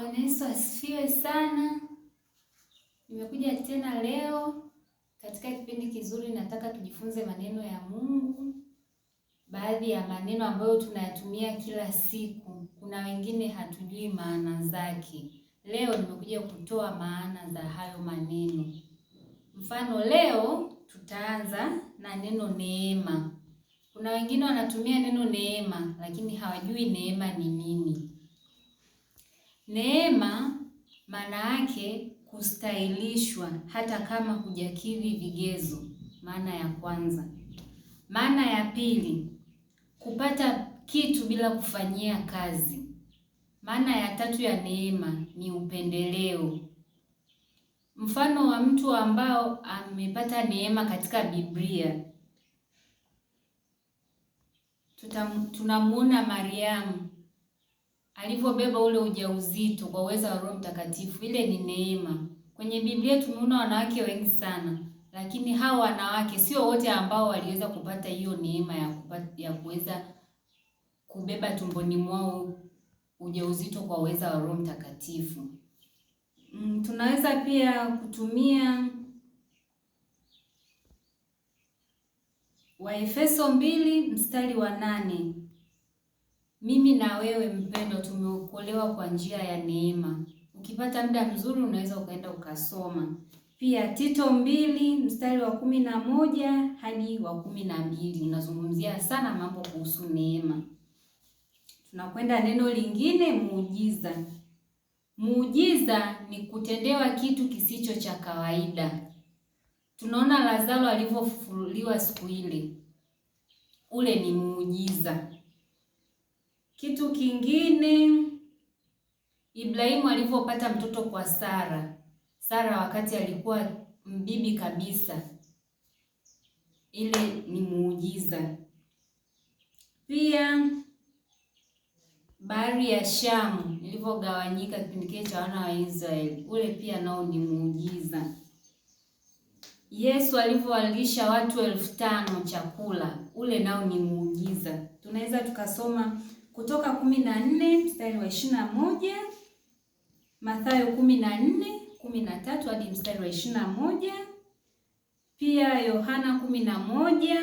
Bwana Yesu asifiwe sana. Nimekuja tena leo katika kipindi kizuri, nataka tujifunze maneno ya Mungu, baadhi ya maneno ambayo tunayatumia kila siku. Kuna wengine hatujui maana zake. Leo nimekuja kutoa maana za hayo maneno. Mfano, leo tutaanza na neno neema. Kuna wengine wanatumia neno neema, lakini hawajui neema ni nini. Neema maana yake kustahilishwa hata kama hujakidhi vigezo, maana ya kwanza. Maana ya pili, kupata kitu bila kufanyia kazi. Maana ya tatu ya neema ni upendeleo. Mfano wa mtu ambao amepata neema katika Biblia, tunamuona Mariamu alivyobeba ule ujauzito kwa uwezo wa Roho Mtakatifu, ile ni neema. Kwenye Biblia tumeona wanawake wengi sana, lakini hawa wanawake sio wote ambao waliweza kupata hiyo neema ya kupata, ya kuweza kubeba tumboni mwao ujauzito kwa uwezo wa Roho Mtakatifu. Mm, tunaweza pia kutumia Waefeso mbili mstari wa nane mimi na wewe mpendo tumeokolewa kwa njia ya neema. Ukipata muda mzuri unaweza ukaenda ukasoma pia Tito mbili mstari wa kumi na moja hadi wa kumi na mbili unazungumzia sana mambo kuhusu neema. Tunakwenda neno lingine, muujiza. Muujiza ni kutendewa kitu kisicho cha kawaida. Tunaona Lazaro alivyofufuliwa siku ile, ule ni muujiza. Kitu kingine, Ibrahimu alivyopata mtoto kwa Sara. Sara wakati alikuwa mbibi kabisa, ile ni muujiza pia. Bahari ya Shamu ilivyogawanyika kipindi kile cha wana wa Israeli, ule pia nao ni muujiza. Yesu alivyowalisha watu elfu tano chakula, ule nao ni muujiza. Tunaweza tukasoma kutoka kumi na nne mstari wa ishirini na moja Mathayo kumi na nne kumi na tatu hadi mstari wa ishirini na moja pia Yohana kumi na moja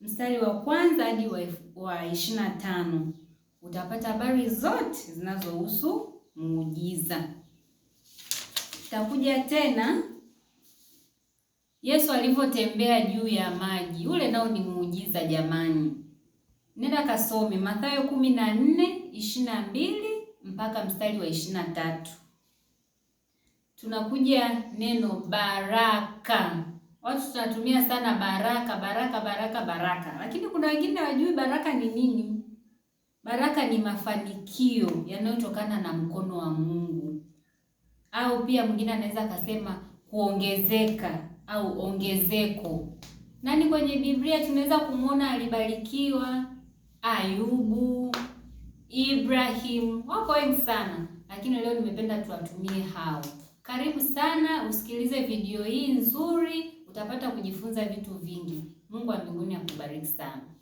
mstari wa kwanza hadi wa ishirini na tano utapata habari zote zinazohusu muujiza. Utakuja tena Yesu alivyotembea juu ya maji, ule nao ni muujiza jamani. Nenda kasome Mathayo kumi na nne ishirini na mbili mpaka mstari wa ishirini na tatu. Tunakuja neno baraka. Watu tunatumia sana baraka, baraka, baraka, baraka, lakini kuna wengine hawajui baraka ni nini. Baraka ni mafanikio yanayotokana na mkono wa Mungu, au pia mwingine anaweza akasema kuongezeka au ongezeko. Nani kwenye Biblia tunaweza kumwona alibarikiwa Ayubu, Ibrahim, wako wengi sana, lakini leo nimependa tuwatumie hao. Karibu sana usikilize video hii nzuri, utapata kujifunza vitu vingi. Mungu wa mbinguni akubariki sana.